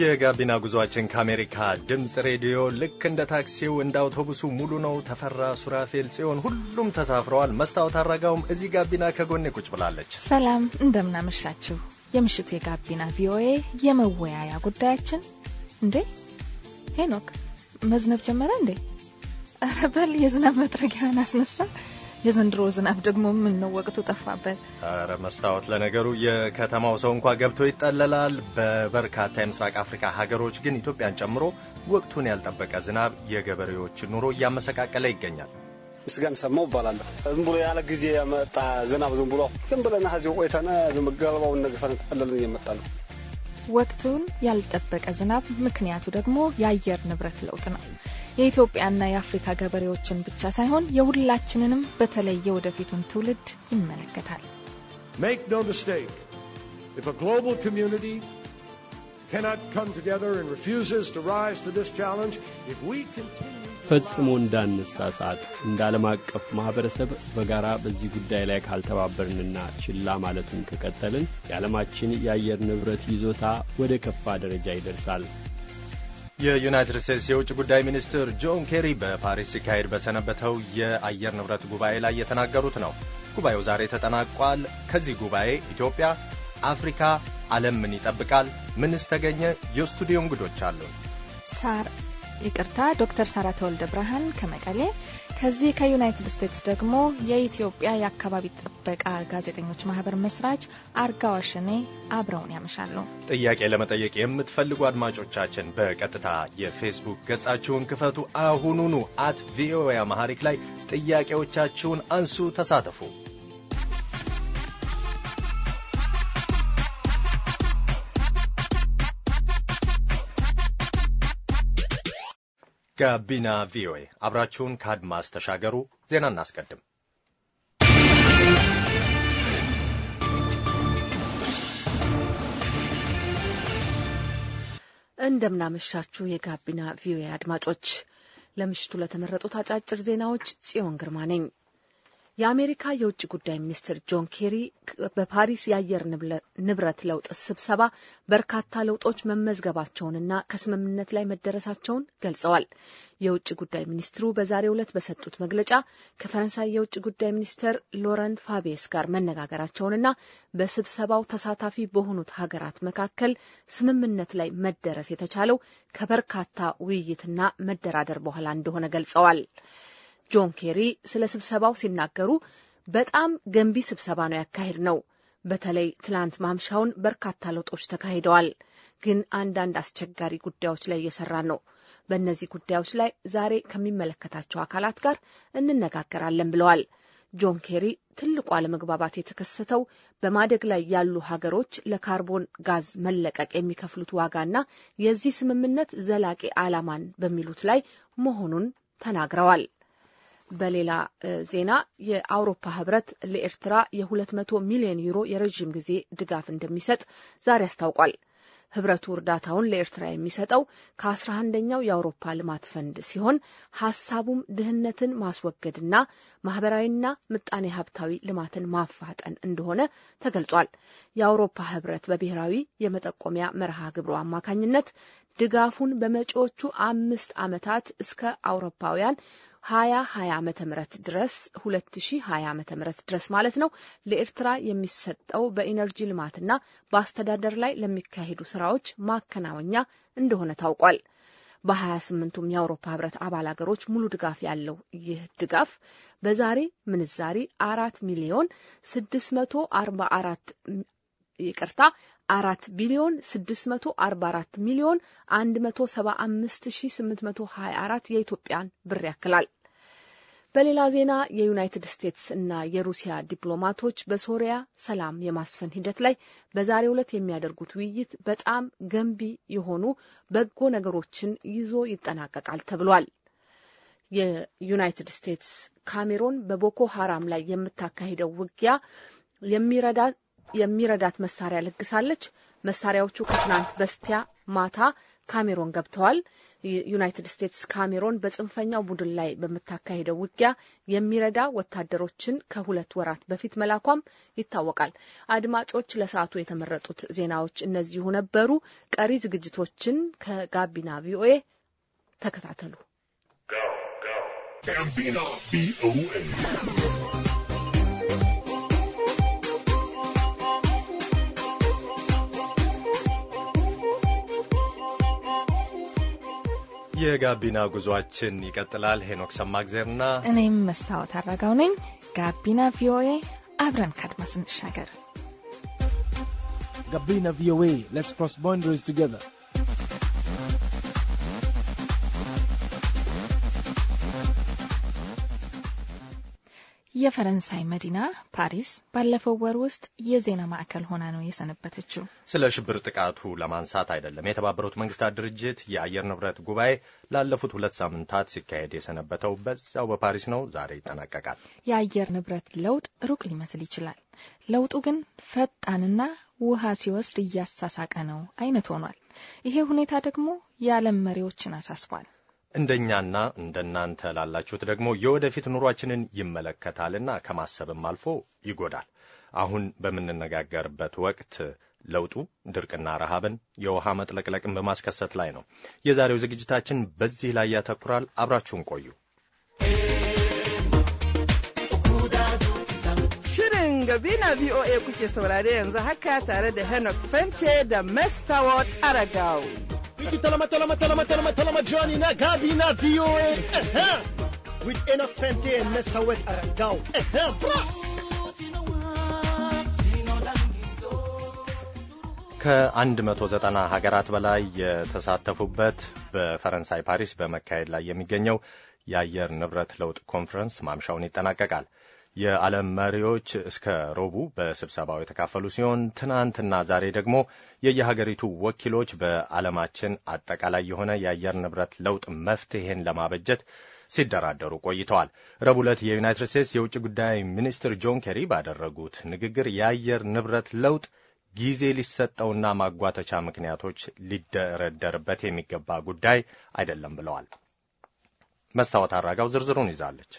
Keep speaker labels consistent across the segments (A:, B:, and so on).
A: የጋቢና ጉዟችን ከአሜሪካ ድምፅ ሬዲዮ ልክ እንደ ታክሲው እንደ አውቶቡሱ ሙሉ ነው። ተፈራ ሱራፌል፣ ጽዮን ሁሉም ተሳፍረዋል። መስታወት አረጋውም እዚህ ጋቢና ከጎኔ ቁጭ ብላለች።
B: ሰላም እንደምናመሻችሁ። የምሽቱ የጋቢና ቪኦኤ የመወያያ ጉዳያችን እንዴ ሄኖክ መዝነብ ጀመረ እንዴ? ኧረ በል የዝናብ መጥረጊያን አስነሳ። የዘንድሮ ዝናብ ደግሞ ምን ነው ወቅቱ ጠፋበት።
A: አረ መስታወት፣ ለነገሩ የከተማው ሰው እንኳ ገብቶ ይጠለላል። በበርካታ የምስራቅ አፍሪካ ሀገሮች ግን ኢትዮጵያን ጨምሮ ወቅቱን ያልጠበቀ ዝናብ የገበሬዎችን ኑሮ እያመሰቃቀለ ይገኛል።
C: ምስጋን ሰማው እባላለሁ። ዝም ብሎ ያለ ጊዜ የመጣ ዝናብ ዝም ብሎ ዝም ብለና ህዚ ቆይተነ ገለባውን ነግፈን ጠለልን እየመጣ ነው። ወቅቱን
B: ያልጠበቀ ዝናብ ምክንያቱ ደግሞ የአየር ንብረት ለውጥ ነው። የኢትዮጵያና የአፍሪካ ገበሬዎችን ብቻ ሳይሆን የሁላችንንም በተለይ የወደፊቱን ትውልድ ይመለከታል። Make no mistake, if a global community cannot come together and refuses to rise to this challenge, if we continue
D: ፈጽሞ እንዳንሳሳት እንደ ዓለም አቀፍ ማኅበረሰብ በጋራ በዚህ ጉዳይ ላይ ካልተባበርንና ችላ ማለቱን ከቀጠልን የዓለማችን የአየር ንብረት ይዞታ ወደ ከፋ ደረጃ ይደርሳል።
A: የዩናይትድ ስቴትስ የውጭ ጉዳይ ሚኒስትር ጆን ኬሪ በፓሪስ ሲካሄድ በሰነበተው የአየር ንብረት ጉባኤ ላይ የተናገሩት ነው። ጉባኤው ዛሬ ተጠናቋል። ከዚህ ጉባኤ ኢትዮጵያ፣ አፍሪካ፣ ዓለም ምን ይጠብቃል? ምንስ ተገኘ? የስቱዲዮ እንግዶች አሉን።
B: ሳር ይቅርታ፣ ዶክተር ሳራ ተወልደ ብርሃን ከመቀሌ ከዚህ ከዩናይትድ ስቴትስ ደግሞ የኢትዮጵያ የአካባቢ ጥበቃ ጋዜጠኞች ማህበር መስራች አርጋው አሸኔ አብረውን ያመሻሉ።
A: ጥያቄ ለመጠየቅ የምትፈልጉ አድማጮቻችን በቀጥታ የፌስቡክ ገጻችሁን ክፈቱ። አሁኑኑ አት ቪኦኤ አማሐሪክ ላይ ጥያቄዎቻችሁን አንሱ፣ ተሳተፉ። ጋቢና ቪኦኤ አብራችሁን ከአድማስ ተሻገሩ። ዜና እናስቀድም።
E: እንደምናመሻችሁ የጋቢና ቪኦኤ አድማጮች፣ ለምሽቱ ለተመረጡት አጫጭር ዜናዎች ጽዮን ግርማ ነኝ። የአሜሪካ የውጭ ጉዳይ ሚኒስትር ጆን ኬሪ በፓሪስ የአየር ንብረት ለውጥ ስብሰባ በርካታ ለውጦች መመዝገባቸውንና ከስምምነት ላይ መደረሳቸውን ገልጸዋል። የውጭ ጉዳይ ሚኒስትሩ በዛሬው ዕለት በሰጡት መግለጫ ከፈረንሳይ የውጭ ጉዳይ ሚኒስትር ሎረንት ፋቤስ ጋር መነጋገራቸውንና በስብሰባው ተሳታፊ በሆኑት ሀገራት መካከል ስምምነት ላይ መደረስ የተቻለው ከበርካታ ውይይትና መደራደር በኋላ እንደሆነ ገልጸዋል። ጆን ኬሪ ስለ ስብሰባው ሲናገሩ በጣም ገንቢ ስብሰባ ነው ያካሄድ ነው። በተለይ ትላንት ማምሻውን በርካታ ለውጦች ተካሂደዋል። ግን አንዳንድ አስቸጋሪ ጉዳዮች ላይ እየሰራን ነው። በእነዚህ ጉዳዮች ላይ ዛሬ ከሚመለከታቸው አካላት ጋር እንነጋገራለን ብለዋል። ጆን ኬሪ ትልቁ አለመግባባት የተከሰተው በማደግ ላይ ያሉ ሀገሮች ለካርቦን ጋዝ መለቀቅ የሚከፍሉት ዋጋና የዚህ ስምምነት ዘላቂ ዓላማን በሚሉት ላይ መሆኑን ተናግረዋል። በሌላ ዜና የአውሮፓ ህብረት ለኤርትራ የ200 ሚሊዮን ዩሮ የረዥም ጊዜ ድጋፍ እንደሚሰጥ ዛሬ አስታውቋል። ህብረቱ እርዳታውን ለኤርትራ የሚሰጠው ከአስራ አንደኛው የአውሮፓ ልማት ፈንድ ሲሆን ሀሳቡም ድህነትን ማስወገድና ማህበራዊና ምጣኔ ሀብታዊ ልማትን ማፋጠን እንደሆነ ተገልጿል። የአውሮፓ ህብረት በብሔራዊ የመጠቆሚያ መርሃ ግብሩ አማካኝነት ድጋፉን በመጪዎቹ አምስት ዓመታት እስከ አውሮፓውያን ሀያ ሀያ ዓመተ ድረስ ሁለት ሺ ሀያ ዓመተ ድረስ ማለት ነው ለኤርትራ የሚሰጠው በኢነርጂ ልማትና በአስተዳደር ላይ ለሚካሄዱ ስራዎች ማከናወኛ እንደሆነ ታውቋል። በሀያ ስምንቱም የአውሮፓ ህብረት አባል ሀገሮች ሙሉ ድጋፍ ያለው ይህ ድጋፍ በዛሬ ምንዛሪ አራት ሚሊዮን ስድስት መቶ አርባ አራት ይቅርታ አራት ቢሊዮን ስድስት መቶ አርባ አራት ሚሊዮን አንድ መቶ ሰባ አምስት ሺ ስምንት መቶ ሀያ አራት የኢትዮጵያን ብር ያክላል። በሌላ ዜና የዩናይትድ ስቴትስ እና የሩሲያ ዲፕሎማቶች በሶሪያ ሰላም የማስፈን ሂደት ላይ በዛሬው ዕለት የሚያደርጉት ውይይት በጣም ገንቢ የሆኑ በጎ ነገሮችን ይዞ ይጠናቀቃል ተብሏል። የዩናይትድ ስቴትስ ካሜሮን በቦኮ ሀራም ላይ የምታካሂደው ውጊያ የሚረዳ የሚረዳት መሳሪያ ለግሳለች። መሳሪያዎቹ ከትናንት በስቲያ ማታ ካሜሮን ገብተዋል። ዩናይትድ ስቴትስ ካሜሮን በጽንፈኛው ቡድን ላይ በምታካሄደው ውጊያ የሚረዳ ወታደሮችን ከሁለት ወራት በፊት መላኳም ይታወቃል። አድማጮች፣ ለሰዓቱ የተመረጡት ዜናዎች እነዚሁ ነበሩ። ቀሪ ዝግጅቶችን ከጋቢና ቪኦኤ ተከታተሉ።
A: የጋቢና ጉዟችን ይቀጥላል። ሄኖክ ሰማግዜርና
B: እኔም መስታወት አረጋው ነኝ። ጋቢና ቪኦኤ አብረን ከአድማስ
A: እንሻገር። ጋቢና ቪኦኤ ሌትስ ክሮስ ባውንደሪስ ቱጌዘር
B: የፈረንሳይ መዲና ፓሪስ ባለፈው ወር ውስጥ የዜና ማዕከል ሆና ነው የሰነበተችው።
A: ስለ ሽብር ጥቃቱ ለማንሳት አይደለም። የተባበሩት መንግስታት ድርጅት የአየር ንብረት ጉባኤ ላለፉት ሁለት ሳምንታት ሲካሄድ የሰነበተው በዚያው በፓሪስ ነው። ዛሬ ይጠናቀቃል።
B: የአየር ንብረት ለውጥ ሩቅ ሊመስል ይችላል። ለውጡ ግን ፈጣንና ውሃ ሲወስድ እያሳሳቀ ነው አይነት ሆኗል። ይሄ ሁኔታ ደግሞ የዓለም መሪዎችን አሳስቧል።
A: እንደኛና እንደናንተ ላላችሁት ደግሞ የወደፊት ኑሯችንን ይመለከታልና ከማሰብም አልፎ ይጎዳል። አሁን በምንነጋገርበት ወቅት ለውጡ ድርቅና ረሃብን፣ የውሃ መጥለቅለቅን በማስከሰት ላይ ነው። የዛሬው ዝግጅታችን በዚህ ላይ ያተኩራል። አብራችሁን ቆዩ። Shirin Gabina
D: VOA kuke saurare yanzu haka tare da Henok Fente da Mestaward ikitolewa tolewa tolewa tolewa tolewa Johnny na Gabi na VOA
A: with Enoch Fente and Mr. Wet Aragao. ከ190 ሀገራት በላይ የተሳተፉበት በፈረንሳይ ፓሪስ በመካሄድ ላይ የሚገኘው የአየር ንብረት ለውጥ ኮንፈረንስ ማምሻውን ይጠናቀቃል። የዓለም መሪዎች እስከ ሮቡ በስብሰባው የተካፈሉ ሲሆን ትናንትና ዛሬ ደግሞ የየሀገሪቱ ወኪሎች በዓለማችን አጠቃላይ የሆነ የአየር ንብረት ለውጥ መፍትሄን ለማበጀት ሲደራደሩ ቆይተዋል። ረቡዕ ዕለት የዩናይትድ ስቴትስ የውጭ ጉዳይ ሚኒስትር ጆን ኬሪ ባደረጉት ንግግር የአየር ንብረት ለውጥ ጊዜ ሊሰጠውና ማጓተቻ ምክንያቶች ሊደረደርበት የሚገባ ጉዳይ አይደለም ብለዋል። መስታወት አራጋው ዝርዝሩን ይዛለች።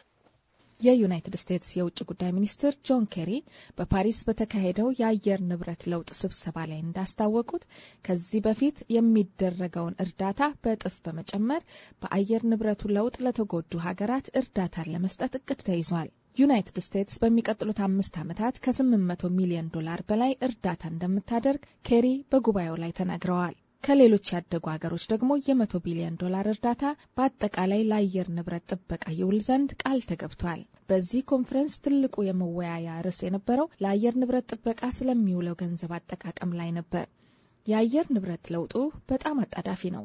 B: የዩናይትድ ስቴትስ የውጭ ጉዳይ ሚኒስትር ጆን ኬሪ በፓሪስ በተካሄደው የአየር ንብረት ለውጥ ስብሰባ ላይ እንዳስታወቁት ከዚህ በፊት የሚደረገውን እርዳታ በእጥፍ በመጨመር በአየር ንብረቱ ለውጥ ለተጎዱ ሀገራት እርዳታን ለመስጠት እቅድ ተይዟል። ዩናይትድ ስቴትስ በሚቀጥሉት አምስት ዓመታት ከ800 ሚሊዮን ዶላር በላይ እርዳታ እንደምታደርግ ኬሪ በጉባኤው ላይ ተናግረዋል። ከሌሎች ያደጉ ሀገሮች ደግሞ የመቶ ቢሊዮን ዶላር እርዳታ በአጠቃላይ ለአየር ንብረት ጥበቃ ይውል ዘንድ ቃል ተገብቷል። በዚህ ኮንፈረንስ ትልቁ የመወያያ ርዕስ የነበረው ለአየር ንብረት ጥበቃ ስለሚውለው ገንዘብ አጠቃቀም ላይ ነበር። የአየር ንብረት ለውጡ በጣም አጣዳፊ ነው።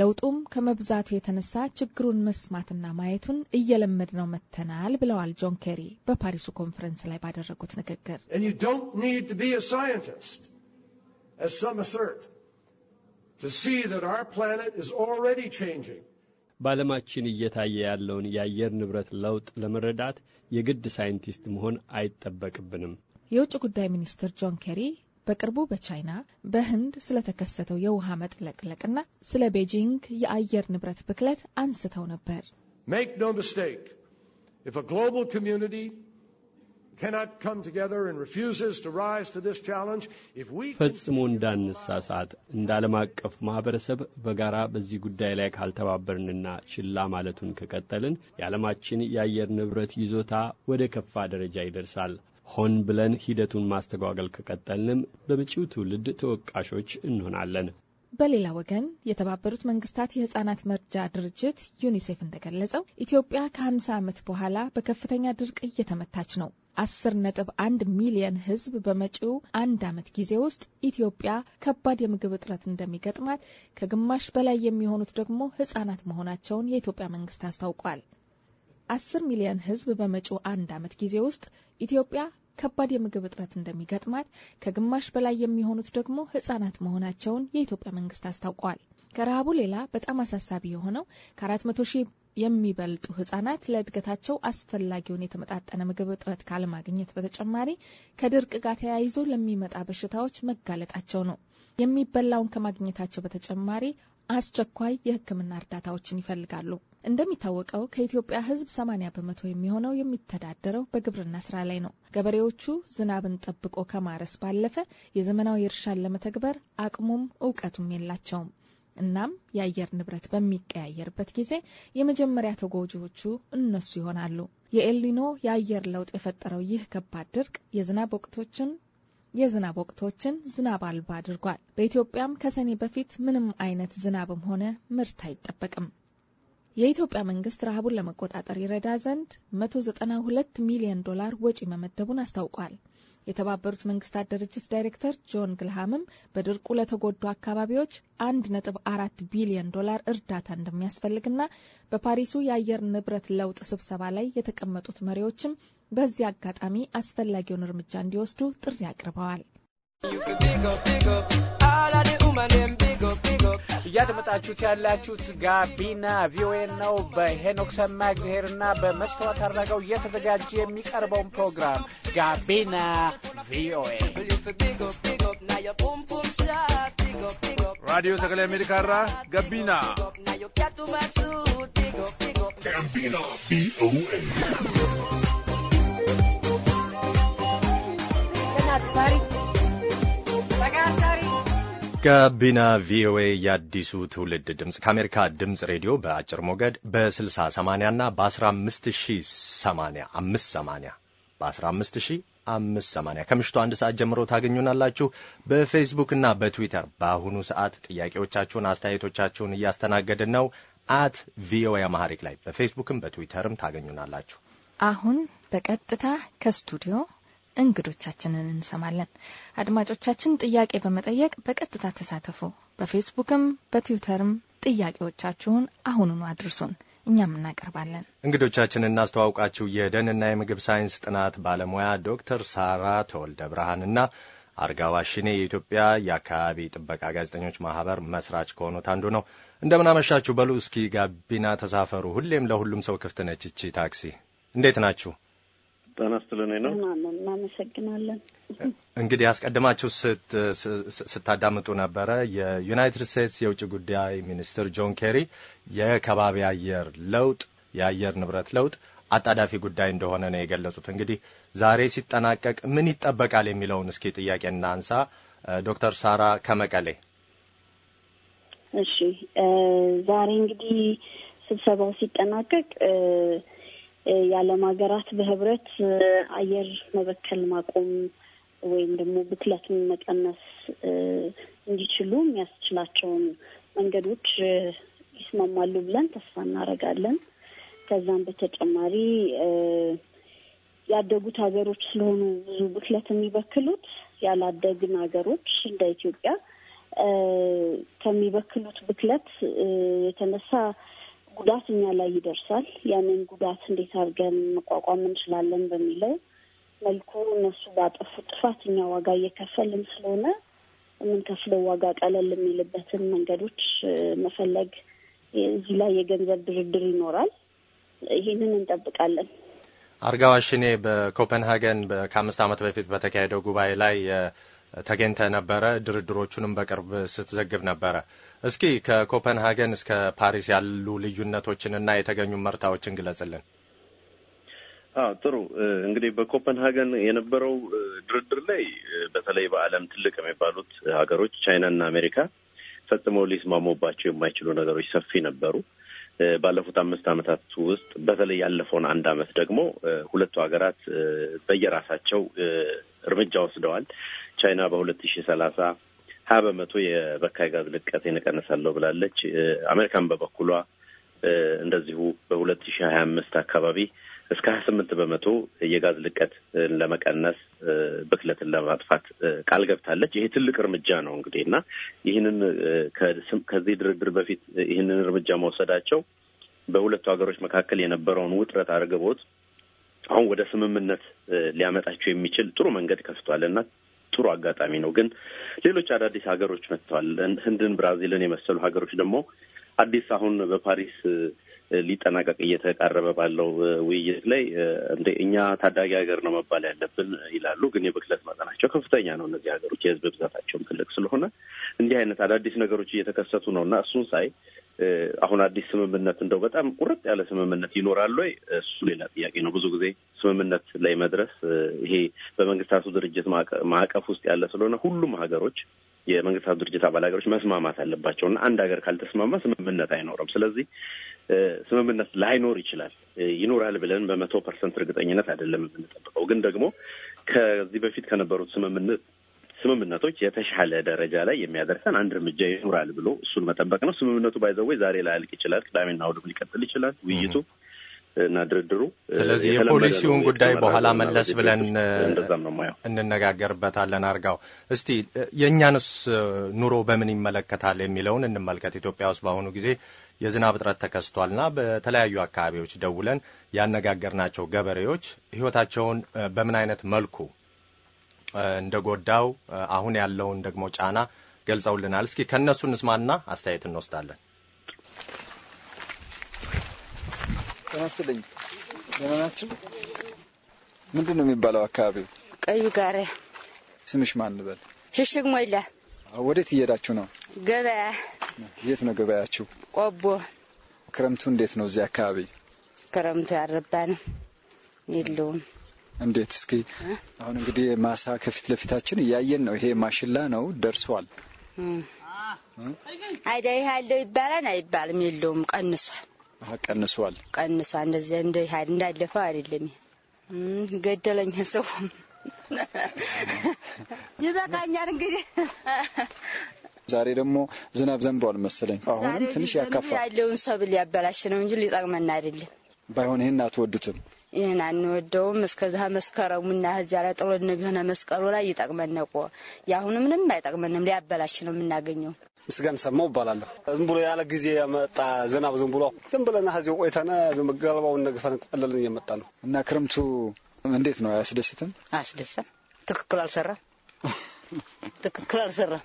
B: ለውጡም ከመብዛቱ የተነሳ ችግሩን መስማትና ማየቱን እየለመድ ነው መተናል ብለዋል ጆን ኬሪ በፓሪሱ ኮንፈረንስ ላይ ባደረጉት ንግግር
D: በዓለማችን እየታየ ያለውን የአየር ንብረት ለውጥ ለመረዳት የግድ ሳይንቲስት መሆን አይጠበቅብንም።
B: የውጭ ጉዳይ ሚኒስትር ጆን ኬሪ በቅርቡ በቻይና በህንድ ስለተከሰተው የውሃ መጥለቅለቅና ስለ ቤጂንግ የአየር ንብረት ብክለት አንስተው ነበር።
D: ፈጽሞ እንዳንሳሳት እንደ ዓለም አቀፍ ማኅበረሰብ በጋራ በዚህ ጉዳይ ላይ ካልተባበርንና ችላ ማለቱን ከቀጠልን የዓለማችን የአየር ንብረት ይዞታ ወደ ከፋ ደረጃ ይደርሳል። ሆን ብለን ሂደቱን ማስተጓገል ከቀጠልንም በመጪው ትውልድ ተወቃሾች እንሆናለን።
B: በሌላ ወገን የተባበሩት መንግስታት የህጻናት መርጃ ድርጅት ዩኒሴፍ እንደገለጸው ኢትዮጵያ ከ50 ዓመት በኋላ በከፍተኛ ድርቅ እየተመታች ነው። 10 ነጥብ 1 ሚሊየን ህዝብ በመጪው አንድ ዓመት ጊዜ ውስጥ ኢትዮጵያ ከባድ የምግብ እጥረት እንደሚገጥማት፣ ከግማሽ በላይ የሚሆኑት ደግሞ ህጻናት መሆናቸውን የኢትዮጵያ መንግስት አስታውቋል። አስር ሚሊየን ህዝብ በመጪው አንድ ዓመት ጊዜ ውስጥ ኢትዮጵያ ከባድ የምግብ እጥረት እንደሚገጥማት፣ ከግማሽ በላይ የሚሆኑት ደግሞ ህጻናት መሆናቸውን የኢትዮጵያ መንግስት አስታውቋል። ከረሃቡ ሌላ በጣም አሳሳቢ የሆነው ከአራት መቶ ሺህ የሚበልጡ ህጻናት ለእድገታቸው አስፈላጊውን የተመጣጠነ ምግብ እጥረት ካለማግኘት በተጨማሪ ከድርቅ ጋር ተያይዞ ለሚመጣ በሽታዎች መጋለጣቸው ነው። የሚበላውን ከማግኘታቸው በተጨማሪ አስቸኳይ የሕክምና እርዳታዎችን ይፈልጋሉ። እንደሚታወቀው ከኢትዮጵያ ሕዝብ 80 በመቶ የሚሆነው የሚተዳደረው በግብርና ስራ ላይ ነው። ገበሬዎቹ ዝናብን ጠብቆ ከማረስ ባለፈ የዘመናዊ እርሻን ለመተግበር አቅሙም እውቀቱም የላቸውም። እናም የአየር ንብረት በሚቀያየርበት ጊዜ የመጀመሪያ ተጎጂዎቹ እነሱ ይሆናሉ። የኤልኒኖ የአየር ለውጥ የፈጠረው ይህ ከባድ ድርቅ የዝናብ ወቅቶችን የዝናብ ወቅቶችን ዝናብ አልባ አድርጓል። በኢትዮጵያም ከሰኔ በፊት ምንም አይነት ዝናብም ሆነ ምርት አይጠበቅም። የኢትዮጵያ መንግስት ረሃቡን ለመቆጣጠር ይረዳ ዘንድ 192 ሚሊዮን ዶላር ወጪ መመደቡን አስታውቋል። የተባበሩት መንግስታት ድርጅት ዳይሬክተር ጆን ግልሃምም በድርቁ ለተጎዱ አካባቢዎች 1.4 ቢሊዮን ዶላር እርዳታ እንደሚያስፈልግና በፓሪሱ የአየር ንብረት ለውጥ ስብሰባ ላይ የተቀመጡት መሪዎችም በዚህ አጋጣሚ አስፈላጊውን እርምጃ እንዲወስዱ ጥሪ አቅርበዋል።
A: እያደመጣችሁት ያላችሁት ጋቢና ቪኦኤ ነው። በሄኖክ ሰማ
C: እግዚአብሔርና በመስተዋት አድረገው እየተዘጋጀ የሚቀርበውን ፕሮግራም ጋቢና ቪኦኤ ራዲዮ ሰገሌ አሜሪካ ራ ጋቢና ጋቢና
F: ቪኦኤ
A: ጋቢና ቪኦኤ የአዲሱ ትውልድ ድምፅ ከአሜሪካ ድምፅ ሬዲዮ በአጭር ሞገድ በ6080 እና በ15085 በ15580 ከምሽቱ አንድ ሰዓት ጀምሮ ታገኙናላችሁ። በፌስቡክ እና በትዊተር በአሁኑ ሰዓት ጥያቄዎቻችሁን፣ አስተያየቶቻችሁን እያስተናገድን ነው። አት ቪኦኤ አማሐሪክ ላይ በፌስቡክም በትዊተርም ታገኙናላችሁ።
B: አሁን በቀጥታ ከስቱዲዮ እንግዶቻችንን እንሰማለን። አድማጮቻችን ጥያቄ በመጠየቅ በቀጥታ ተሳተፉ። በፌስቡክም በትዊተርም ጥያቄዎቻችሁን አሁኑኑ አድርሱን። እኛም እናቀርባለን።
A: እንግዶቻችን እናስተዋውቃችሁ። የደንና የምግብ ሳይንስ ጥናት ባለሙያ ዶክተር ሳራ ተወልደ ብርሃንና አርጋ ዋሽኔ የኢትዮጵያ የአካባቢ ጥበቃ ጋዜጠኞች ማህበር መስራች ከሆኑት አንዱ ነው። እንደምናመሻችሁ በሉ እስኪ ጋቢና ተሳፈሩ። ሁሌም ለሁሉም ሰው ክፍት ነች ይቺ ታክሲ። እንዴት ናችሁ?
F: ጤና ይስጥልን ነው። እናመሰግናለን።
A: እንግዲህ አስቀድማችሁ ስታዳምጡ ነበረ የዩናይትድ ስቴትስ የውጭ ጉዳይ ሚኒስትር ጆን ኬሪ የከባቢ አየር ለውጥ የአየር ንብረት ለውጥ አጣዳፊ ጉዳይ እንደሆነ ነው የገለጹት። እንግዲህ ዛሬ ሲጠናቀቅ ምን ይጠበቃል የሚለውን እስኪ ጥያቄ እናንሳ። ዶክተር ሳራ ከመቀሌ
F: እሺ። ዛሬ እንግዲህ ስብሰባው ሲጠናቀቅ የዓለም ሀገራት በህብረት አየር መበከል ማቆም ወይም ደግሞ ብክለትን መቀነስ እንዲችሉ የሚያስችላቸውን መንገዶች ይስማማሉ ብለን ተስፋ እናደርጋለን። ከዛም በተጨማሪ ያደጉት ሀገሮች ስለሆኑ ብዙ ብክለት የሚበክሉት ያላደግን ሀገሮች እንደ ኢትዮጵያ ከሚበክሉት ብክለት የተነሳ ጉዳት እኛ ላይ ይደርሳል። ያንን ጉዳት እንዴት አድርገን መቋቋም እንችላለን በሚለው መልኩ እነሱ ባጠፉት ጥፋት እኛ ዋጋ እየከፈልን ስለሆነ የምንከፍለው ዋጋ ቀለል የሚልበትን መንገዶች መፈለግ፣ እዚህ ላይ የገንዘብ ድርድር ይኖራል። ይህንን እንጠብቃለን።
A: አርጋዋሽኔ በኮፐንሃገን ከአምስት ዓመት በፊት በተካሄደው ጉባኤ ላይ ተገኝተ ነበረ። ድርድሮቹንም በቅርብ ስትዘግብ ነበረ። እስኪ ከኮፐንሃገን እስከ ፓሪስ ያሉ ልዩነቶችን እና የተገኙ መርታዎችን ግለጽልን።
D: አዎ ጥሩ እንግዲህ በኮፐንሃገን የነበረው ድርድር ላይ በተለይ በዓለም ትልቅ የሚባሉት ሀገሮች ቻይናና አሜሪካ ፈጽመው ሊስማሙባቸው የማይችሉ ነገሮች ሰፊ ነበሩ። ባለፉት አምስት ዓመታት ውስጥ በተለይ ያለፈውን አንድ ዓመት ደግሞ ሁለቱ ሀገራት በየራሳቸው እርምጃ ወስደዋል። ቻይና በሁለት ሺ ሰላሳ ሀያ በመቶ የበካይ ጋዝ ልቀት እቀንሳለሁ ብላለች። አሜሪካን በበኩሏ እንደዚሁ በሁለት ሺ ሀያ አምስት አካባቢ እስከ ሀያ ስምንት በመቶ የጋዝ ልቀት ለመቀነስ ብክለትን ለማጥፋት ቃል ገብታለች። ይሄ ትልቅ እርምጃ ነው እንግዲህ እና ይህንን ከዚህ ድርድር በፊት ይህንን እርምጃ መውሰዳቸው በሁለቱ ሀገሮች መካከል የነበረውን ውጥረት አርግቦት አሁን ወደ ስምምነት ሊያመጣቸው የሚችል ጥሩ መንገድ ከፍቷል እና ጥሩ አጋጣሚ ነው። ግን ሌሎች አዳዲስ ሀገሮች መጥተዋል። ህንድን፣ ብራዚልን የመሰሉ ሀገሮች ደግሞ አዲስ አሁን በፓሪስ ሊጠናቀቅ እየተቃረበ ባለው ውይይት ላይ እንደ እኛ ታዳጊ ሀገር ነው መባል ያለብን ይላሉ። ግን የብክለት መጠናቸው ከፍተኛ ነው። እነዚህ ሀገሮች የህዝብ ብዛታቸውም ትልቅ ስለሆነ እንዲህ አይነት አዳዲስ ነገሮች እየተከሰቱ ነው እና እሱን ሳይ አሁን አዲስ ስምምነት እንደው በጣም ቁርጥ ያለ ስምምነት ይኖራል ወይ? እሱ ሌላ ጥያቄ ነው። ብዙ ጊዜ ስምምነት ላይ መድረስ ይሄ በመንግስታቱ ድርጅት ማዕቀፍ ውስጥ ያለ ስለሆነ ሁሉም ሀገሮች የመንግስታት ድርጅት አባል ሀገሮች መስማማት አለባቸው እና አንድ ሀገር ካልተስማማ ስምምነት አይኖርም። ስለዚህ ስምምነት ላይኖር ይችላል። ይኖራል ብለን በመቶ ፐርሰንት እርግጠኝነት አይደለም የምንጠብቀው፣ ግን ደግሞ ከዚህ በፊት ከነበሩት ስምምነት ስምምነቶች የተሻለ ደረጃ ላይ የሚያደርሰን አንድ እርምጃ ይኖራል ብሎ እሱን መጠበቅ ነው። ስምምነቱ ባይዘወይ ዛሬ ላያልቅ ይችላል። ቅዳሜና እሑድም ሊቀጥል ይችላል ውይይቱ እና ድርድሩ ስለዚህ የፖሊሲውን ጉዳይ በኋላ መለስ ብለን
A: እንነጋገርበታለን። አርጋው እስቲ የእኛንስ ኑሮ በምን ይመለከታል የሚለውን እንመልከት። ኢትዮጵያ ውስጥ በአሁኑ ጊዜ የዝናብ እጥረት ተከስቷልና በተለያዩ አካባቢዎች ደውለን ያነጋገርናቸው ገበሬዎች ሕይወታቸውን በምን አይነት መልኩ እንደጎዳው አሁን ያለውን ደግሞ ጫና ገልጸውልናል። እስኪ ከእነሱ እንስማና አስተያየት እንወስዳለን።
C: ጤና ይስጥልኝ። ደህና ናችሁ? ምንድን ነው የሚባለው አካባቢው?
F: ቀዩ ጋሪያ።
C: ስምሽ ማን ልበል? ሽሽግ ሞይላ። ወዴት እየሄዳችሁ ነው? ገበያ። የት ነው ገበያችሁ? ቆቦ። ክረምቱ እንዴት ነው እዚህ አካባቢ?
F: ክረምቱ ያረባንም የለውም።
C: እንዴት እስኪ አሁን እንግዲህ ማሳ ከፊት ለፊታችን እያየን ነው። ይሄ ማሽላ ነው ደርሷል።
F: አይዳ ይህ አለው ይባላል አይባልም? የለውም፣ ቀንሷል ቀንሷል ቀንሷል። እንደ እንደዚያ እንዳለፈው አይደለም። ገደለኝ ሰው ይበቃኛል እንግዲህ
C: ዛሬ ደግሞ ዝናብ ዘንቧል መሰለኝ። አሁንም ትንሽ ያካፋ
F: ያለውን ሰብል ያበላሽ ነው እንጂ ሊጠቅመን አይደለም።
C: ባይሆን ይህን አትወዱትም?
F: ይህን አንወደውም። እስከዛ መስከረሙና እዚያ ላይ ጥሎ የሆነ መስቀሉ ላይ ይጠቅመን ነቆ። የአሁኑ ምንም አይጠቅመንም፣ ሊያበላሽ ነው የምናገኘው።
C: ምስጋን ሰማው እባላለሁ። ዝም ብሎ ያለ ጊዜ የመጣ ዝናብ ዝም ብሎ ዝም ብለና እዚህ ቆይተነ ገለባውን ነግፈን ቀለልን እየመጣ ነው እና ክረምቱ እንዴት ነው? አያስደስትም? አያስደስትም። ትክክል አልሰራም።
F: ትክክል አልሰራም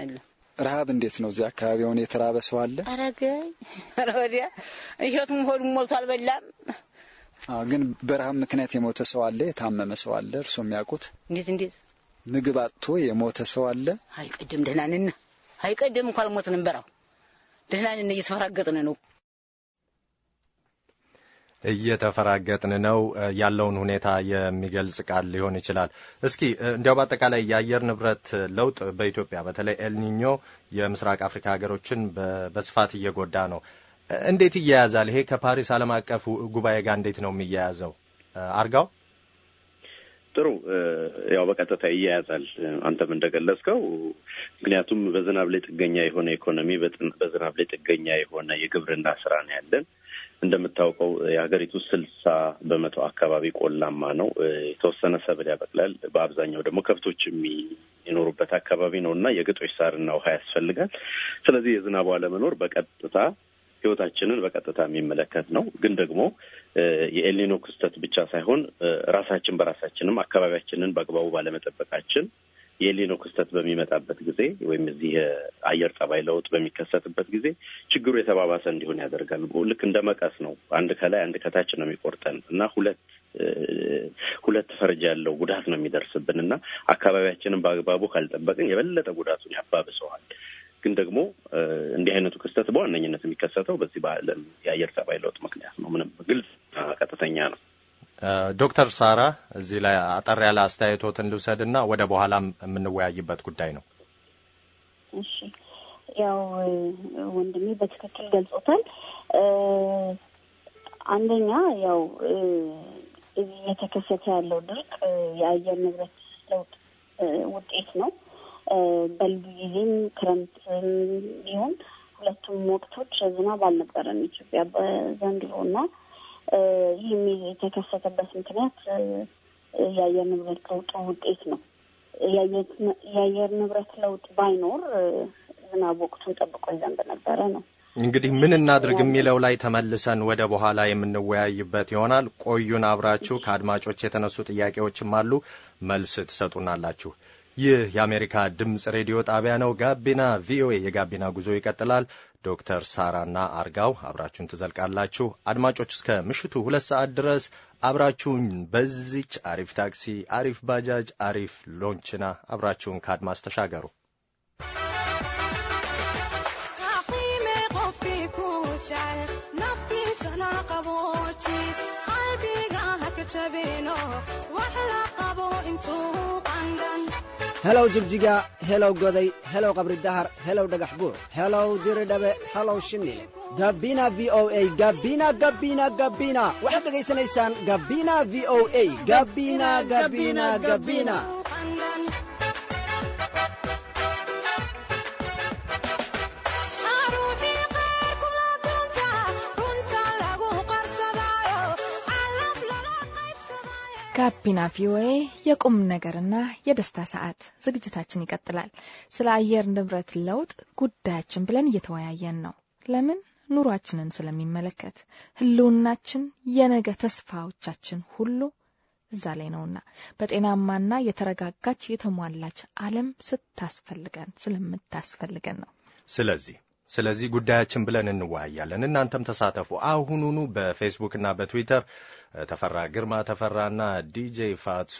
F: አይደል?
C: ረሀብ እንዴት ነው? እዚያ አካባቢ የተራበ ሰው አለ?
F: አረገኝ ወዲያ እሸቱም ሆዱ ሞልቶ አልበላም።
C: ግን በረሃብ ምክንያት የሞተ ሰው አለ? የታመመ ሰው አለ? እርስዎ የሚያውቁት እንዴት እንዴት ምግብ አጥቶ የሞተ ሰው አለ? አይ ቅድም ደህና ነን
F: አይቀደም እንኳ አልሞትንም
C: በራው ደህናን እየተፈራገጥን ነው
A: እየተፈራገጥን ነው ያለውን ሁኔታ የሚገልጽ ቃል ሊሆን ይችላል። እስኪ እንዲያው በአጠቃላይ የአየር ንብረት ለውጥ በኢትዮጵያ በተለይ ኤልኒኞ የምስራቅ አፍሪካ ሀገሮችን በስፋት እየጎዳ ነው። እንዴት ይያያዛል? ይሄ ከፓሪስ ዓለም አቀፍ ጉባኤ ጋር እንዴት ነው የሚያያዘው? አርጋው
D: ጥሩ ያው በቀጥታ ይያያዛል አንተም እንደገለጽከው። ምክንያቱም በዝናብ ላይ ጥገኛ የሆነ ኢኮኖሚ፣ በዝናብ ላይ ጥገኛ የሆነ የግብርና ስራ ነው ያለን። እንደምታውቀው የሀገሪቱ ስልሳ በመቶ አካባቢ ቆላማ ነው። የተወሰነ ሰብል ያበቅላል። በአብዛኛው ደግሞ ከብቶች የሚኖሩበት አካባቢ ነው እና የግጦሽ ሳርና ውሃ ያስፈልጋል። ስለዚህ የዝናቡ አለመኖር በቀጥታ ህይወታችንን በቀጥታ የሚመለከት ነው። ግን ደግሞ የኤልኒኖ ክስተት ብቻ ሳይሆን ራሳችን በራሳችንም አካባቢያችንን በአግባቡ ባለመጠበቃችን የኤልኒኖ ክስተት በሚመጣበት ጊዜ ወይም እዚህ የአየር ጠባይ ለውጥ በሚከሰትበት ጊዜ ችግሩ የተባባሰ እንዲሆን ያደርጋል። ልክ እንደ መቀስ ነው። አንድ ከላይ አንድ ከታች ነው የሚቆርጠን እና ሁለት ሁለት ፈርጅ ያለው ጉዳት ነው የሚደርስብን እና አካባቢያችንን በአግባቡ ካልጠበቅን የበለጠ ጉዳቱን ያባብሰዋል። ግን ደግሞ እንዲህ አይነቱ ክስተት በዋነኝነት የሚከሰተው በዚህ በዓለም የአየር ጸባይ ለውጥ ምክንያት ነው። ምንም ግልጽ ቀጥተኛ ነው።
A: ዶክተር ሳራ እዚህ ላይ አጠር ያለ አስተያየቶትን ልውሰድ እና ወደ በኋላም የምንወያይበት ጉዳይ ነው።
F: እሺ፣ ያው ወንድሜ በትክክል ገልጾታል። አንደኛ ያው እዚህ እየተከሰተ ያለው ድርቅ የአየር ንብረት ለውጥ ውጤት ነው። በልዩ ጊዜም ክረምት ቢሆን ሁለቱም ወቅቶች ዝናብ አልነበረም ኢትዮጵያ በዘንድሮ እና ይህም የተከሰተበት ምክንያት የአየር ንብረት ለውጥ ውጤት ነው። የአየር ንብረት ለውጥ ባይኖር ዝናብ ወቅቱን ጠብቆ ይዘንብ ነበረ ነው።
A: እንግዲህ ምን እናድርግ የሚለው ላይ ተመልሰን ወደ በኋላ የምንወያይበት ይሆናል። ቆዩን አብራችሁ። ከአድማጮች የተነሱ ጥያቄዎችም አሉ፣ መልስ ትሰጡናላችሁ። ይህ የአሜሪካ ድምፅ ሬዲዮ ጣቢያ ነው። ጋቢና ቪኦኤ የጋቢና ጉዞ ይቀጥላል። ዶክተር ሳራና አርጋው አብራችሁን ትዘልቃላችሁ። አድማጮች እስከ ምሽቱ ሁለት ሰዓት ድረስ አብራችሁን በዚች አሪፍ ታክሲ፣ አሪፍ ባጃጅ፣ አሪፍ ሎንችና አብራችሁን ከአድማስ ተሻገሩ።
D: helow jigjiga helow goday helow qabri dahar helow dhagax buur helow diridhabe helow shini gabina v o a gabina gabina gabina waxaad dhegaysanaysaan gabina v o a gabina gabina gabina
B: ጋቢና ቪኦኤ የቁም ነገርና የደስታ ሰዓት ዝግጅታችን ይቀጥላል። ስለ አየር ንብረት ለውጥ ጉዳያችን ብለን እየተወያየን ነው። ለምን? ኑሯችንን ስለሚመለከት ህልውናችን የነገ ተስፋዎቻችን ሁሉ እዛ ላይ ነውና በጤናማና የተረጋጋች የተሟላች ዓለም ስታስፈልገን ስለምታስፈልገን ነው።
A: ስለዚህ ስለዚህ ጉዳያችን ብለን እንወያያለን። እናንተም ተሳተፉ። አሁኑኑ እና በትዊተር ተፈራ ግርማ ተፈራና ዲጄ ፋትሱ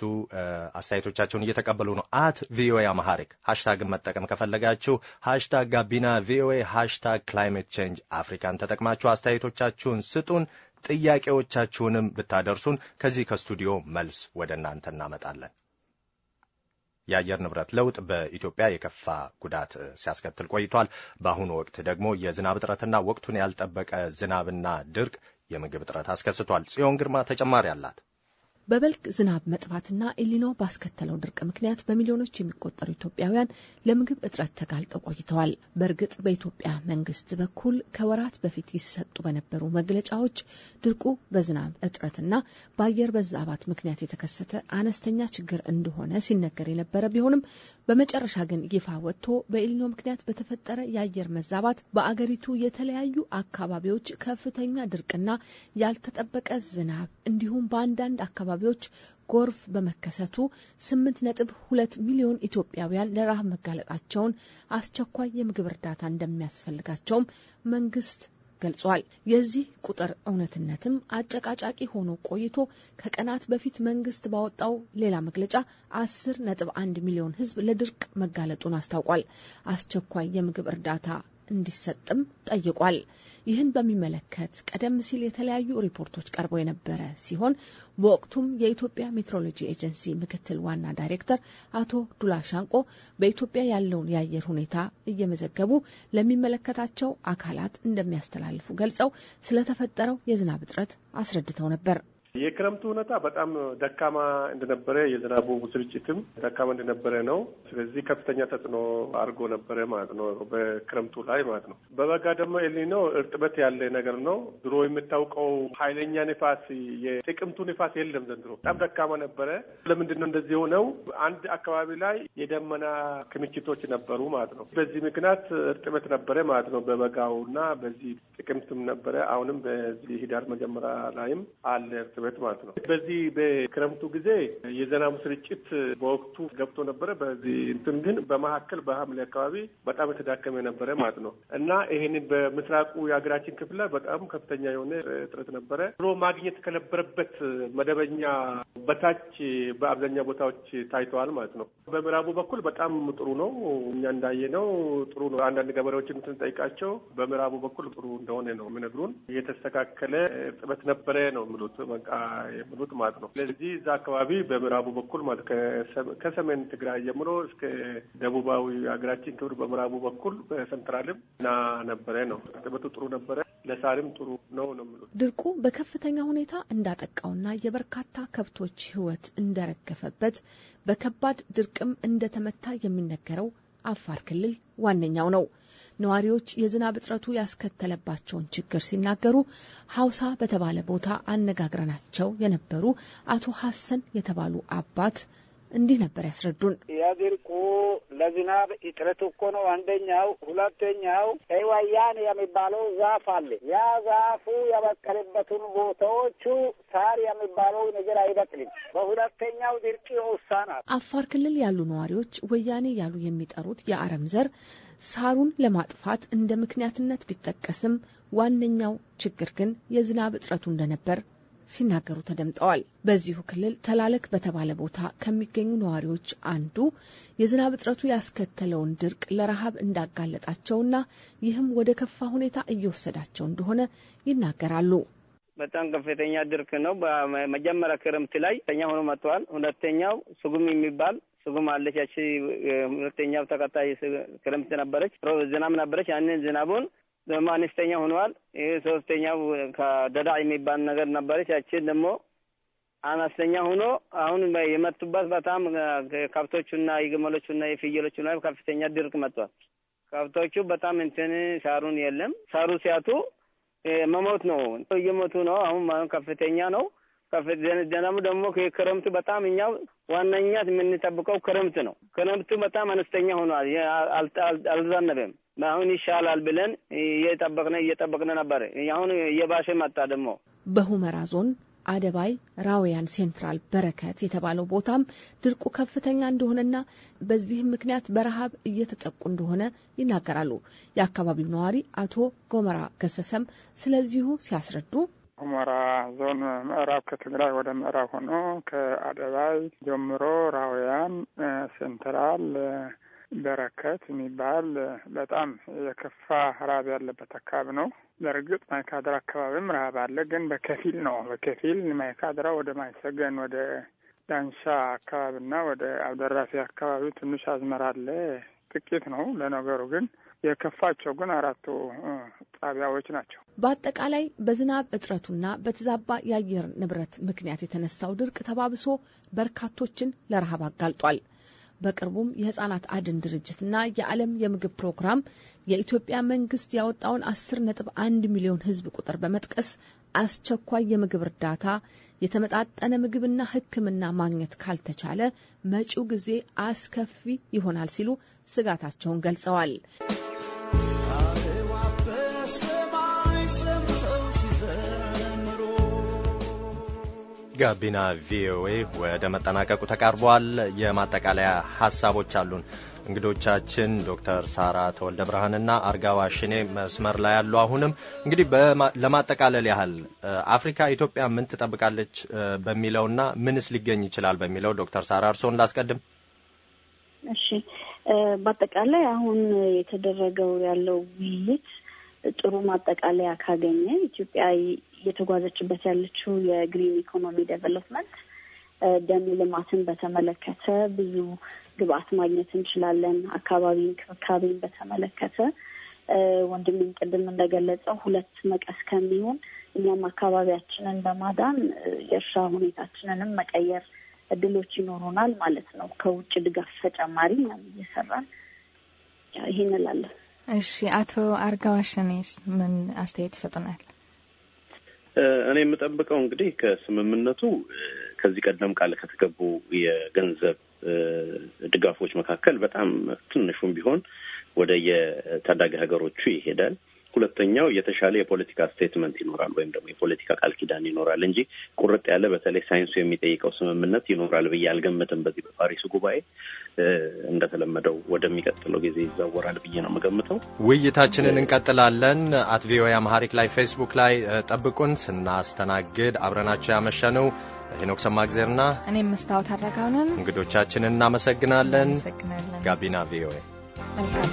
A: አስተያየቶቻቸውን እየተቀበሉ ነው። አት ቪኦኤ አማሐሪክ ሃሽታግን መጠቀም ከፈለጋችሁ ሃሽታግ ጋቢና ቪኦኤ፣ ሃሽታግ ክላይሜት ቼንጅ አፍሪካን ተጠቅማችሁ አስተያየቶቻችሁን ስጡን። ጥያቄዎቻችሁንም ብታደርሱን ከዚህ ከስቱዲዮ መልስ ወደ እናንተ እናመጣለን። የአየር ንብረት ለውጥ በኢትዮጵያ የከፋ ጉዳት ሲያስከትል ቆይቷል። በአሁኑ ወቅት ደግሞ የዝናብ እጥረትና ወቅቱን ያልጠበቀ ዝናብና ድርቅ የምግብ እጥረት አስከስቷል። ጽዮን ግርማ ተጨማሪ አላት።
E: በበልግ ዝናብ መጥፋትና ኤሊኖ ባስከተለው ድርቅ ምክንያት በሚሊዮኖች የሚቆጠሩ ኢትዮጵያውያን ለምግብ እጥረት ተጋልጠው ቆይተዋል። በእርግጥ በኢትዮጵያ መንግስት በኩል ከወራት በፊት ይሰጡ በነበሩ መግለጫዎች ድርቁ በዝናብ እጥረትና በአየር መዛባት ምክንያት የተከሰተ አነስተኛ ችግር እንደሆነ ሲነገር የነበረ ቢሆንም በመጨረሻ ግን ይፋ ወጥቶ በኢሊኖ ምክንያት በተፈጠረ የአየር መዛባት በአገሪቱ የተለያዩ አካባቢዎች ከፍተኛ ድርቅና ያልተጠበቀ ዝናብ እንዲሁም በአንዳንድ አካባቢ አካባቢዎች ጎርፍ በመከሰቱ ስምንት ነጥብ ሁለት ሚሊዮን ኢትዮጵያውያን ለረሃብ መጋለጣቸውን፣ አስቸኳይ የምግብ እርዳታ እንደሚያስፈልጋቸውም መንግስት ገልጿል። የዚህ ቁጥር እውነትነትም አጨቃጫቂ ሆኖ ቆይቶ ከቀናት በፊት መንግስት ባወጣው ሌላ መግለጫ አስር ነጥብ አንድ ሚሊዮን ህዝብ ለድርቅ መጋለጡን አስታውቋል። አስቸኳይ የምግብ እርዳታ እንዲሰጥም ጠይቋል። ይህን በሚመለከት ቀደም ሲል የተለያዩ ሪፖርቶች ቀርበው የነበረ ሲሆን በወቅቱም የኢትዮጵያ ሜትሮሎጂ ኤጀንሲ ምክትል ዋና ዳይሬክተር አቶ ዱላ ሻንቆ በኢትዮጵያ ያለውን የአየር ሁኔታ እየመዘገቡ ለሚመለከታቸው አካላት እንደሚያስተላልፉ ገልጸው ስለተፈጠረው የዝናብ እጥረት አስረድተው
B: ነበር።
G: የክረምቱ ሁኔታ በጣም ደካማ እንደነበረ የዝናቡ ስርጭትም ደካማ እንደነበረ ነው። ስለዚህ ከፍተኛ ተጽዕኖ አድርጎ ነበረ ማለት ነው በክረምቱ ላይ ማለት ነው። በበጋ ደግሞ ኤልኒኖ እርጥበት ያለ ነገር ነው። ድሮ የምታውቀው ኃይለኛ ንፋስ የጥቅምቱ ንፋስ የለም ዘንድሮ፣ በጣም ደካማ ነበረ። ለምንድን ነው እንደዚህ የሆነው? አንድ አካባቢ ላይ የደመና ክምችቶች ነበሩ ማለት ነው። በዚህ ምክንያት እርጥበት ነበረ ማለት ነው በበጋው እና በዚህ ጥቅምትም ነበረ። አሁንም በዚህ ህዳር መጀመሪያ ላይም አለ እርጥበት ህብረት ማለት ነው። በዚህ በክረምቱ ጊዜ የዝናቡ ስርጭት በወቅቱ ገብቶ ነበረ። በዚህ እንትን ግን በመካከል በሐምሌ አካባቢ በጣም የተዳከመ ነበረ ማለት ነው እና ይህን በምስራቁ የሀገራችን ክፍል ላይ በጣም ከፍተኛ የሆነ እጥረት ነበረ። ድሮ ማግኘት ከነበረበት መደበኛ በታች በአብዛኛው ቦታዎች ታይተዋል ማለት ነው። በምዕራቡ በኩል በጣም ጥሩ ነው። እኛ እንዳየ ነው ጥሩ ነው። አንዳንድ ገበሬዎችን ምትንጠይቃቸው በምዕራቡ በኩል ጥሩ እንደሆነ ነው የሚነግሩን። የተስተካከለ እጥበት ነበረ ነው የሚሉት። በቃ የሚሉት ማለት ነው። ስለዚህ እዛ አካባቢ በምዕራቡ በኩል ማለት ከሰሜን ትግራይ ጀምሮ እስከ ደቡባዊ ሀገራችን ክብር በምዕራቡ በኩል በሰንትራልም እና ነበረ ነው። ጥበቱ ጥሩ ነበረ፣ ለሳሪም ጥሩ ነው ነው የሚሉት።
E: ድርቁ በከፍተኛ ሁኔታ እንዳጠቃውና የበርካታ ከብቶች ህይወት እንደረገፈበት በከባድ ድርቅም እንደተመታ የሚነገረው አፋር ክልል ዋነኛው ነው። ነዋሪዎች የዝናብ እጥረቱ ያስከተለባቸውን ችግር ሲናገሩ ሀውሳ በተባለ ቦታ አነጋግረናቸው የነበሩ አቶ ሀሰን የተባሉ አባት እንዲህ ነበር ያስረዱን።
F: የድርቁ ለዝናብ እጥረት እኮ ነው አንደኛው። ሁለተኛው ኤዋያን የሚባለው ዛፍ አለ። ያ ዛፉ የበቀለበትን ቦታዎቹ ሳር የሚባለው ነገር አይበቅልም። በሁለተኛው ድርቅ የውሳናል።
E: አፋር ክልል ያሉ ነዋሪዎች ወያኔ ያሉ የሚጠሩት የአረም ዘር ሳሩን ለማጥፋት እንደ ምክንያትነት ቢጠቀስም ዋነኛው ችግር ግን የዝናብ እጥረቱ እንደነበር ሲናገሩ ተደምጠዋል። በዚሁ ክልል ተላለክ በተባለ ቦታ ከሚገኙ ነዋሪዎች አንዱ የዝናብ እጥረቱ ያስከተለውን ድርቅ ለረሃብ እንዳጋለጣቸውና ይህም ወደ ከፋ ሁኔታ እየወሰዳቸው እንደሆነ ይናገራሉ።
D: በጣም ከፍተኛ ድርቅ ነው። በመጀመሪያ ክረምት ላይ ተኛ ሆኖ መጥተዋል። ሁለተኛው ስጉም የሚባል ስጉም አለች። ያቺ ሁለተኛው ተከታይ ክረምት ነበረች፣ ዝናብ ነበረች። ያንን ዝናቡን ደግሞ አነስተኛ ሆነዋል። ይህ ሶስተኛው ከደዳ የሚባል ነገር ነበረች። ያችን ደግሞ አነስተኛ ሆኖ አሁን የመጡበት በጣም ከብቶቹና የግመሎቹና የፍየሎቹ ላይ ከፍተኛ ድርቅ መጥቷል። ከብቶቹ በጣም እንትን ሳሩን የለም። ሳሩ ሲያቱ መሞት ነው፣ እየሞቱ ነው። አሁን ከፍተኛ ነው። ከፍደናሙ ደግሞ ክረምቱ በጣም እኛ ዋነኛ የምንጠብቀው ክረምት ነው። ክረምቱ በጣም አነስተኛ ሆኗል፣ አልዘነበም። አሁን ይሻላል ብለን እየጠበቅነ እየጠበቅነ ነበር። አሁን እየባሰ መጣ። ደግሞ
E: በሁመራ ዞን አደባይ ራውያን ሴንትራል በረከት የተባለው ቦታም ድርቁ ከፍተኛ እንደሆነና በዚህም ምክንያት በረሃብ እየተጠቁ እንደሆነ ይናገራሉ። የአካባቢው ነዋሪ አቶ ጎመራ ገሰሰም ስለዚሁ ሲያስረዱ
G: ሁመራ ዞን ምዕራብ ከትግራይ ወደ ምዕራብ ሆኖ ከአደባይ ጀምሮ ራውያን ሴንትራል በረከት የሚባል በጣም የከፋ ረሀብ ያለበት አካባቢ ነው። በእርግጥ ማይካድራ አካባቢም ረሀብ አለ፣ ግን በከፊል ነው። በከፊል ማይካድራ ወደ ማይሰገን ወደ ዳንሻ አካባቢና ወደ አብደራፊ አካባቢ ትንሽ አዝመራ አለ፣ ጥቂት ነው ለነገሩ ግን የከፋቸው ግን አራቱ ጣቢያዎች ናቸው።
E: በአጠቃላይ በዝናብ እጥረቱና በተዛባ የአየር ንብረት ምክንያት የተነሳው ድርቅ ተባብሶ በርካቶችን ለረሃብ አጋልጧል። በቅርቡም የህጻናት አድን ድርጅትና የዓለም የምግብ ፕሮግራም የኢትዮጵያ መንግስት ያወጣውን አስር ነጥብ አንድ ሚሊዮን ህዝብ ቁጥር በመጥቀስ አስቸኳይ የምግብ እርዳታ የተመጣጠነ ምግብና ሕክምና ማግኘት ካልተቻለ መጪው ጊዜ አስከፊ ይሆናል ሲሉ ስጋታቸውን ገልጸዋል።
A: ጋቢና ቪኦኤ ወደ መጠናቀቁ ተቃርቧል። የማጠቃለያ ሀሳቦች አሉን። እንግዶቻችን ዶክተር ሳራ ተወልደ ብርሃንና አርጋዋ ሽኔ መስመር ላይ ያሉ። አሁንም እንግዲህ ለማጠቃለል ያህል አፍሪካ ኢትዮጵያ ምን ትጠብቃለች በሚለውና ምንስ ሊገኝ ይችላል በሚለው ዶክተር ሳራ እርስዎን ላስቀድም።
F: እሺ፣ በአጠቃላይ አሁን የተደረገው ያለው ውይይት ጥሩ ማጠቃለያ ካገኘ ኢትዮጵያ እየተጓዘችበት ያለችው የግሪን ኢኮኖሚ ዴቨሎፕመንት ደን ልማትን በተመለከተ ብዙ ግብአት ማግኘት እንችላለን። አካባቢ እንክብካቤን በተመለከተ ወንድሜን ቅድም እንደገለጸው ሁለት መቀስ ከሚሆን እኛም አካባቢያችንን በማዳን የእርሻ ሁኔታችንንም መቀየር እድሎች ይኖሩናል ማለት ነው። ከውጭ ድጋፍ ተጨማሪ እየሰራን ይህን እላለን።
B: እሺ አቶ አርጋው ምን አስተያየት ይሰጡናል?
D: እኔ የምጠብቀው እንግዲህ ከስምምነቱ ከዚህ ቀደም ቃል ከተገቡ የገንዘብ ድጋፎች መካከል በጣም ትንሹም ቢሆን ወደ የታዳጊ ሀገሮቹ ይሄዳል። ሁለተኛው የተሻለ የፖለቲካ ስቴትመንት ይኖራል ወይም ደግሞ የፖለቲካ ቃል ኪዳን ይኖራል እንጂ ቁርጥ ያለ በተለይ ሳይንሱ የሚጠይቀው ስምምነት ይኖራል ብዬ አልገምትም። በዚህ በፓሪሱ ጉባኤ እንደተለመደው ወደሚቀጥለው ጊዜ ይዛወራል ብዬ ነው የምገምተው።
A: ውይይታችንን እንቀጥላለን። አት ቪኦኤ አምሃሪክ ላይ ፌስቡክ ላይ ጠብቁን። ስናስተናግድ አብረናቸው ነው ሄኖክ ሰማእግዜርና
B: እኔም መስታወት አረጋውንን
A: እንግዶቻችንን እናመሰግናለን። ጋቢና ቪኦኤ
F: መልካም